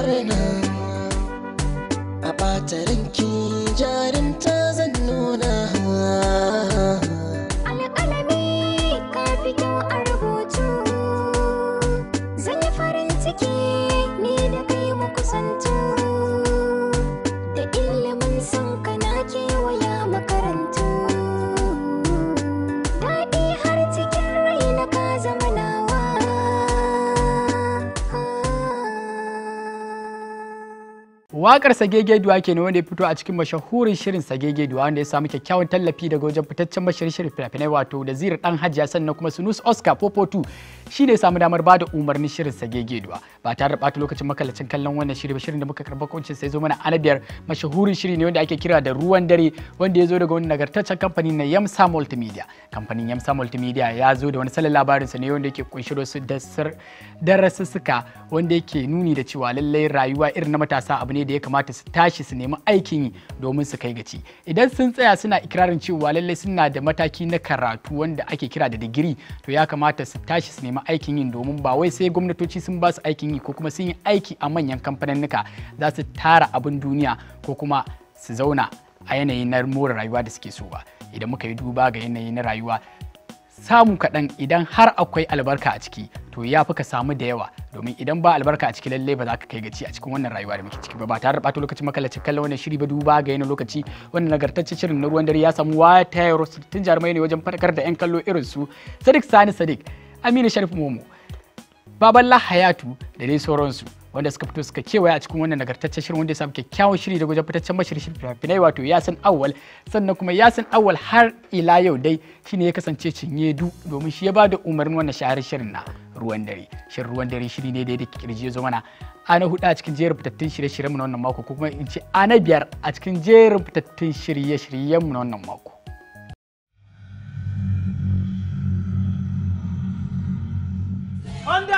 foreigner. Wakar Sagege Duwa ne wanda ya fito a cikin mashahurin shirin Sagege Duwa wanda ya samu kyakkyawan tallafi daga wajen fitaccen mashirin shirin fina-finai wato da zira dan Hajiya sannan kuma Sunus Oscar Popotu shi ne ya samu damar bada umarnin shirin Sagege Duwa ba tare da bata lokacin makalacin kallon wannan shiri ba shirin da muka karɓa kuncin sai zo mana biyar mashahurin shiri ne wanda ake kira da ruwan dare wanda ya zo daga wani nagartaccen kamfani na Yamsa Multimedia kamfanin Yamsa Multimedia ya zo da wani salon labarin sa ne wanda yake kunshi da su wanda yake nuni da cewa lallai rayuwa irin na matasa abu ne ne da ya kamata su tashi su nemi aikin yi domin su kai gaci idan sun tsaya suna ikirarin cewa lallai suna da mataki na karatu wanda ake kira da digiri to ya kamata su tashi su nemi aikin yin domin ba wai sai gwamnatoci sun ba su aikin yi ko kuma sun yi aiki a manyan kamfaninnika za su tara abin duniya ko kuma su zauna a yanayi na more rayuwa da suke so ba idan muka yi duba ga yanayi na rayuwa samu kaɗan idan har akwai albarka a ciki to ya fi ka samu da yawa domin idan ba albarka a ciki lallai ba za ka kai gaci a cikin wannan rayuwa da muke ciki ba ba tare da ɓata lokacin makalacin kallon wannan shiri ba duba ga yana lokaci wannan nagartaccen shirin na ruwan dare ya samu waya tayar tun jarumai ne wajen faɗakar da 'yan kallo irin su sadiq sani sadiq aminu sharif momo baballa hayatu da dai sauransu wanda suka fito suka kewaye a cikin wannan nagartaccen shirin wanda ya samu kyakkyawan shiri da gwajin fitaccen mashirin fina-finai wato yasin awwal sannan kuma yasin awwal har ila yau dai shine ya kasance cinye du domin shi ya bada umarnin wannan shahararren shirin na ruwan dare shirin ruwan dare shiri ne da yake kirje zo mana ana hudu a cikin jerin fitattun shirye-shiryen mu na wannan mako ko kuma in ce ana biyar a cikin jerin fitattun shirye-shiryen mu na wannan mako Under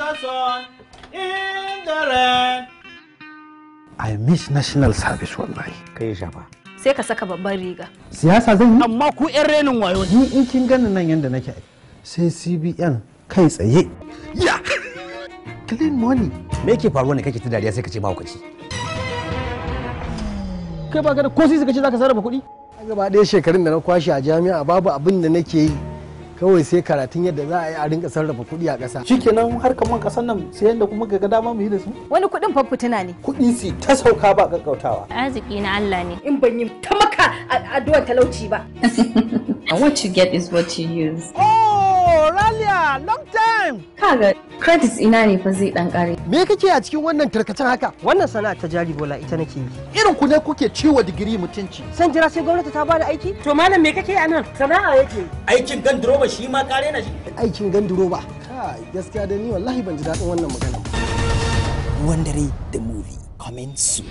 the sun, in I miss national service wallahi. Kai shafa. Sai ka saka babban riga. Siyasa zan yi. Amma ku 'yan renin wayo. Ni in kin gani nan yadda nake sai CBN kai tsaye. Ya! Clean money. Me yake faruwa ne kake ta dariya sai ka ce mahaukaci? Kai ba ka da ko sai ka ce za ka sarrafa kuɗi? Gaba ɗaya shekarun da na kwashe a jami'a babu abin da nake yi kawai sai karatun yadda za a yi a rinka sarrafa kuɗi a ƙasa nan har kaman ƙasar nan sai yadda kuma ga dama mu yi da su wani kuɗin fa fitina ne kuɗi su ta sauka ba ƙaƙƙautawa. arziki na Allah ne in ban yi ta maka addu'ar talauci ba and what you get is what you use oh! Oralia long time. Kaga credit ina ne fa zai dan kare. Me kake a cikin wannan tarkacen haka? Wannan sana'a ta jari bola ita nake yi. Irin ku ne kuke ciwo digiri mutunci. San jira sai gwamnati ta bada aiki? To malam me kake a nan? Sana'a yake. Aikin ganduroba shi ma kare na shi. Aikin ganduroba. Kai gaskiya da ni wallahi ban ji daɗin wannan magana ba. the movie coming soon.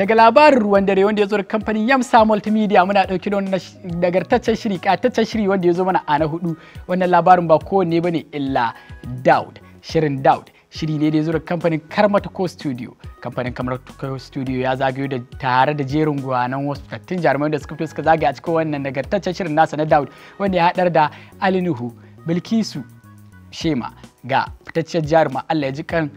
daga labarin ruwan dare wanda ya zo da kamfanin yamsa multimedia muna ɗauki da wannan nagartaccen shiri ƙataccen shiri wanda ya zo mana a hudu wannan labarin ba kowanne ne illa daud shirin daud shiri ne da ya zo da kamfanin Karmatako studio kamfanin Karmatako studio ya zagayo da tare da jerin gwanan wasu tattun jarumai da suka fito suka zagaya a cikin wannan nagartaccen shirin nasa na daud wanda ya haɗar da alinuhu bilkisu shema ga fitacciyar jaruma Allah ya ji kan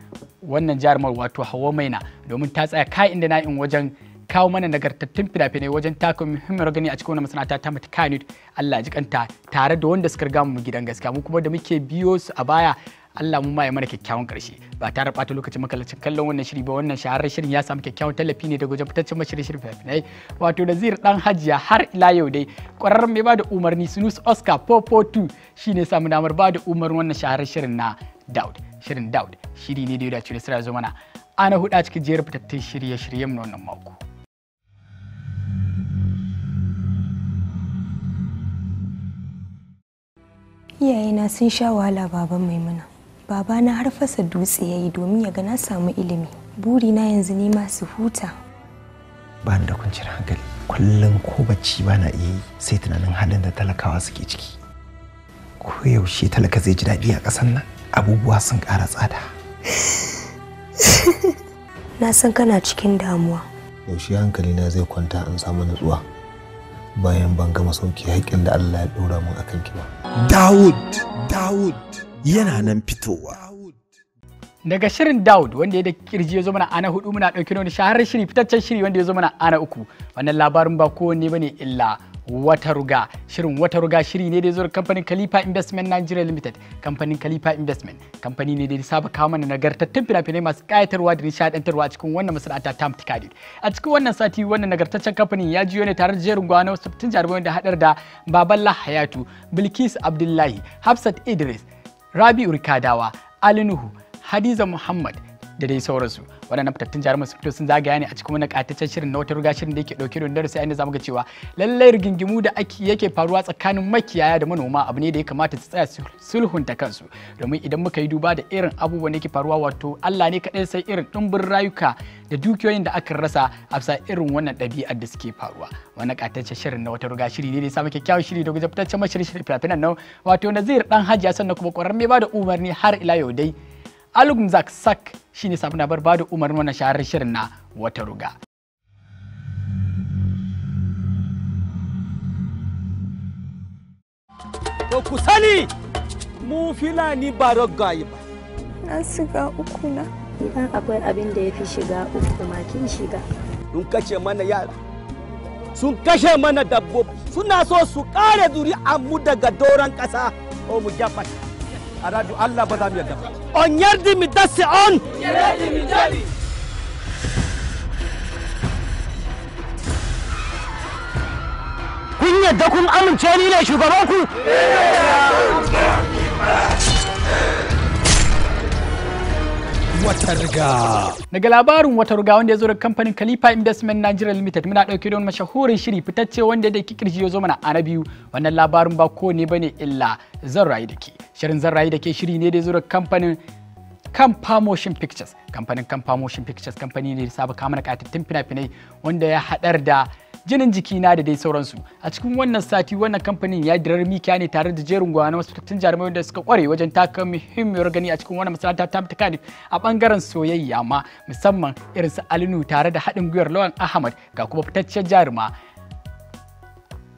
wannan jarumar wato hawa maina domin ta tsaya inda na in wajen kawo mana nagartattun fina-finai wajen taka muhimmiyar gani a cikin wani masana'anta ta Matakanit Allah ji kanta tare da wanda suka gama mu gidan gaskiya mu kuma da muke biyo su a baya Allah mu ma ya mana kyakkyawan karshe ba tare ɓata lokacin makalacin kallon wannan shiri ba wannan shahararren shirin ya samu kyakkyawan tallafi ne daga wajen fitaccen mashirin shirin fafinai wato Nazir dan Hajiya har ila yau dai ƙwararren mai bada umarni Sunus Oscar 442 shine samu damar bada umarnin wannan shahararren shirin na Daud shirin Daud shiri ne da ya dace da sira zo mana ana huda cikin jerin fitattun shirye-shiryen na wannan mako iyayena sun sha wahala baban maimuna babana har fasa dutse ya yi domin ya ga na samu ilimi buri na yanzu ne masu huta ba da kwanciyar hankali kullum ko bacci ba na iya yi sai tunanin halin da talakawa suke ciki Ko yaushe talaka zai ji daɗi a ƙasar nan abubuwa sun ƙara tsada na san kana cikin damuwa yaushe hankali na zai kwanta an samu nutsuwa bayan ban gama sauki haƙƙin da allah ya ɗora mun akan ki ba dawud dawud yana nan fitowa. Daga shirin Daud wanda ya da kirji ya zo mana ana hudu muna ɗauki wani shaharar shiri fitaccen shiri wanda ya zo mana ana uku wannan labarin ba kowanne bane illa wata ruga shirin wata ruga shiri ne da ya da kamfanin Khalifa Investment Nigeria Limited kamfanin kalifa Investment kamfani ne da saba kawo mana nagartattun fina-finai masu kayatarwa da nishadantarwa a cikin wannan masana'anta ta Mutikadir a cikin wannan sati wannan nagartaccen kamfanin ya jiyo ne tare da jerin gwana wasu tun jarumai da hadar da Baballa Hayatu Bilkis Abdullahi Hafsat Idris Rabi'u kadawa Ali Nuhu, Hadiza Muhammad da dai sauransu. waɗannan fitattun jarumin su fito sun zagaya ne a cikin wani katacen shirin na wata ruga shirin da yake ɗauke da darasi inda zamu ga cewa lallai rigingimu da ake yake faruwa tsakanin makiyaya da manoma abu ne da ya kamata su tsaya sulhunta kansu domin idan muka yi duba da irin abubuwan da yake faruwa wato Allah ne kaɗai sai irin ɗumbin rayuka da dukiyoyin da aka rasa a bisa irin wannan ɗabi'ar da suke faruwa wani katacen shirin na wata ruga shiri ne da ya samu kyakkyawan shiri da gujabtaccen mashirin shirin fina-finan nan wato Nazir Dan Hajiya sannan kuma ƙwararren mai ba da umarni har ila yau dai Alugum Zak Sak shine sabon labar ba da umarnin wannan shahararren shirin na wata ruga. To ku sani mu filani ba yi ba. Na shiga uku na. Idan akwai abin da ya fi shiga uku ma kin shiga. Sun kashe mana yara. Sun kashe mana dabbobi. Suna so su kare zuri'a mu daga doron ƙasa ko mu jafata. a radio Allah ba za mu yarda ba on yardi mi dasi on yardi mi dadi kun yadda kun amince ni ne shugaban ku Watarga. Daga labarin Watarga wanda ya zo daga kamfanin Khalifa Investment Nigeria Limited muna ɗauke da wani mashahurin shiri fitacce wanda da kirji ya zo mana a na biyu wannan labarin ba ko ne bane illa zan rayu da ke. Shirin zan rayu da ke shiri ne da ya zo daga kamfanin Kampa Motion Pictures. Kamfanin Kampa Motion Pictures kamfani ne da saba kamar katattun fina-finai wanda ya haɗar da jinin jiki na da dai sauransu a cikin wannan sati wannan kamfanin ya dirar mikiya ne tare da jerin gwa na masu jarumai da suka kware wajen taka muhimmiyar gani a cikin wannan masana'anta ta ne a bangaren soyayya ma musamman irin su alinu tare da haɗin gwiwar lawan ahmad ga kuma fitaccen jaruma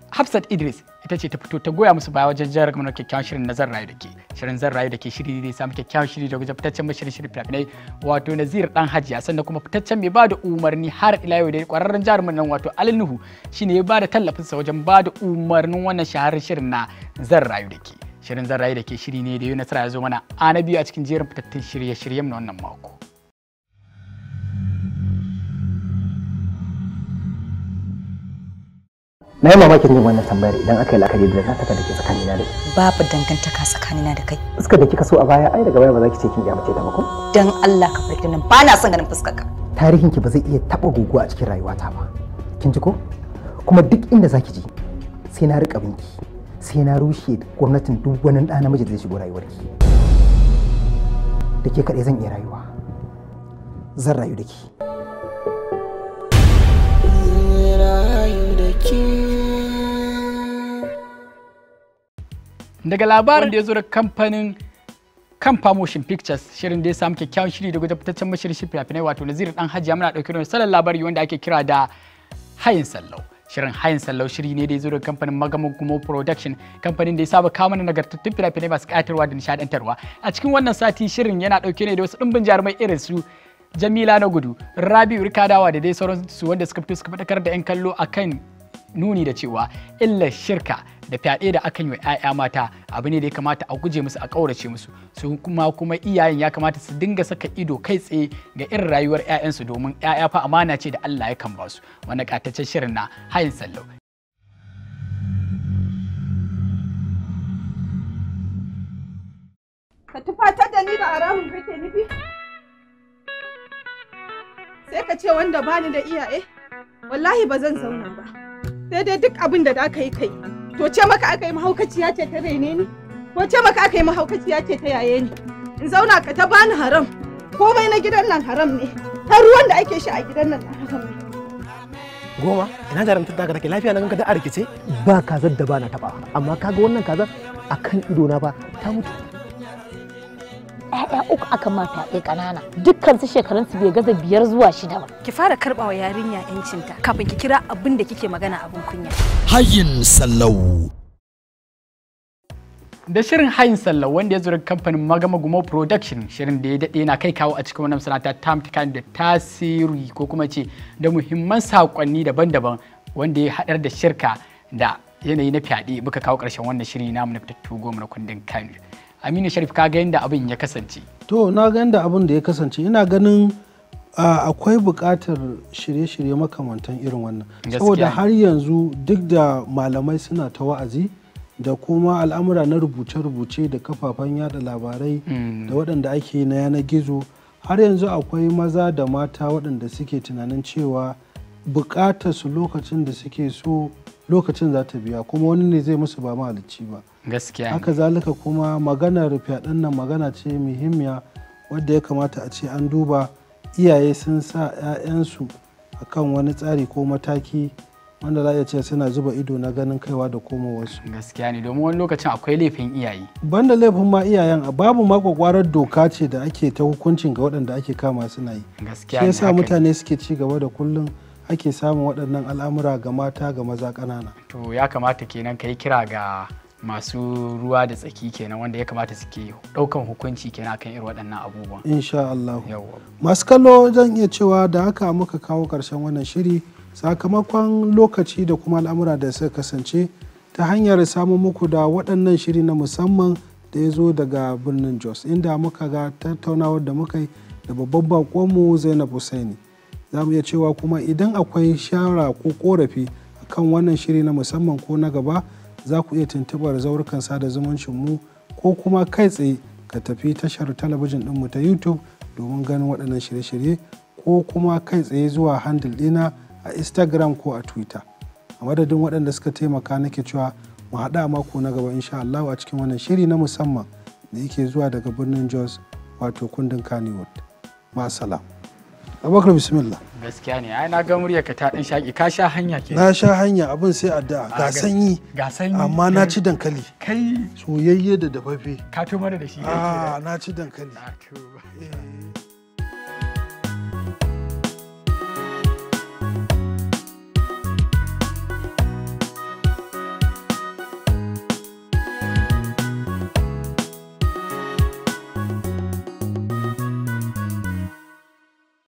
hafsat idris ita ce ta fito ta goya musu baya wajen jarar mana kyakkyawan shirin na zan rayu da ke shirin zan rayu da ke shiri ne samu kyakkyawan shiri da wajen fitaccen mashirin shirin fina-finai wato nazir dan hajiya sannan kuma fitaccen mai bada umarni har ila yau da kwararren jarumin nan wato shi shine ya bada tallafinsa wajen bada umarnin wannan shaharar shirin na zan rayu da ke shirin zan rayu da ke shiri ne da yau nasara ya zo mana biyu a cikin jerin fitattun shirye-shiryen na wannan mako. na yi mamakin yin wannan tambayar idan aka yi la'akari da dangantaka da ke tsakanina da babu dangantaka tsakanina da kai fuskar da kika so a baya ai daga baya ba za ki ce kin kyamace ta ba ko dan Allah ka farki nan ba na son ganin fuskar ka tarihin ki ba zai iya taba guguwa a cikin rayuwata ba kin ji ko kuma duk inda zaki ji sai na rika binki sai na rushe gwamnatin duk wani ɗa namiji da zai shigo rayuwar ki da ke kaɗai zan iya rayuwa zan rayu da ke daga labarin da ya zo da kamfanin kamfa motion pictures shirin da ya samu kyakkyawan shiri da fitaccen mashirshi fina-finai wato nazir dan hajiya muna ɗauki da salon labari wanda ake kira da hayin sallau shirin hayin sallau shiri ne da ya zo da kamfanin magamon kuma production kamfanin da ya saba kawo mana nagartattun fina-finai masu ƙayatarwa da nishaɗantarwa a cikin wannan sati shirin yana ɗauke ne da wasu ɗumbin jarumai irin su jamila na gudu rabi'u rikadawa da dai sauransu wanda suka fito suka faɗakar da 'yan kallo akan nuni da cewa illar shirka da fyaɗe da akan yi wa 'ya'ya mata abu ne da ya kamata a guje musu a ƙaurace musu su kuma kuma iyayen ya kamata su dinga saka ido kai tsaye ga irin rayuwar 'ya'yansu domin 'ya'ya fa amana ce da Allah yakan ba su wani ƙataccen shirin na hayin sallau ka tufata da ni da kake nufi sai ka ce wanda bani da iyaye wallahi ba zan zauna ba sai dai duk abin da za yi kai to ce maka aka yi mahaukaciya ce ta rene ni ko ce maka aka yi mahaukaciya ce ta yaye ni in zauna ka ta bani haram komai na gidan nan haram ne har ruwan da ake shi a gidan nan haram ne goma ina da rantar daga take lafiya na ganka da a ba kazar da ba na taba amma kaga wannan kazar akan ido na ba ta mutu 'ya'ya uku aka ma fyaɗe ƙanana dukkan su shekarun su bai gaza biyar zuwa shida ba ki fara karɓa wa yarinya yancinta kafin ki kira abin da kike magana abin kunya hayin sallau da shirin hayin sallau wanda ya zura kamfanin magama gumo production shirin da ya daɗe na kai kawo a cikin wannan sanata ta da tasiri ko kuma ce da muhimman saƙonni daban-daban wanda ya haɗar da shirka da yanayi na fyaɗe muka kawo ƙarshen wannan shiri namu na fitattu goma na kundin kano aminu sharif ka ga yadda abin ya kasance to na ga yadda abin da ya kasance ina ganin akwai buƙatar shirye-shirye makamantan irin wannan saboda har yanzu duk da malamai suna ta wa'azi da kuma al'amura na rubuce-rubuce da kafafen yada labarai mm. da waɗanda ake na yanar gizo har yanzu akwai maza da mata waɗanda suke tunanin cewa buƙatar su lokacin da suke so lokacin za ta biya kuma wani ne zai musu ba mahalicci ba gaskiya haka zalika kuma maganar fyaɗen nan magana ce muhimmiya wadda ya kamata a ce an duba iyaye sun sa 'ya'yansu kan wani tsari ko mataki wanda za ce suna zuba ido na ganin kaiwa da komowarsu gaskiya ne domin wani lokacin akwai laifin iyaye banda laifin ma iyayen a babu makwakwarar doka ce da ake ta hukuncin ga waɗanda ake kama suna yi gaskiya ne sa mutane suke ci gaba da kullum ake samun waɗannan al'amura ga mata ga maza ƙanana to ya kamata kenan ka yi kira ga masu ruwa da tsaki kenan wanda ya kamata suke daukan hukunci kenan kan irin waɗannan abubuwan insha Allah masu kallo zan iya cewa da haka muka kawo karshen wannan shiri sakamakon lokaci da kuma al'amura da suka kasance ta hanyar samun muku da waɗannan shiri na musamman da ya zo daga birnin jos inda muka ga tattaunawar da muka yi da babban bakonmu zainab Hussaini za mu iya cewa kuma idan akwai shara ko korafi kan wannan shiri na musamman ko na gaba za ku iya tuntubar zaurukan sada zumuncin mu ko kuma kai tsaye ka tafi tashar talabijin ɗinmu ta YouTube domin ganin waɗannan shirye-shirye ko kuma kai tsaye zuwa handle ɗina a Instagram ko a Twitter. A madadin waɗanda suka taimaka nake cewa mu haɗa mako na gaba insha Allah a cikin wannan shiri na musamman da yake zuwa daga birnin Jos wato kundin Kannywood. Ma'asalam. abakar bismillah gaskiya ne ai na ga murya ka ta dan shaki ka sha hanya ke na sha hanya abin sai addu'a ah, ga sanyi ga sanyi amma na ci dankali kai soyayye da dafaffe ka to da shi ah na ci dankali ah,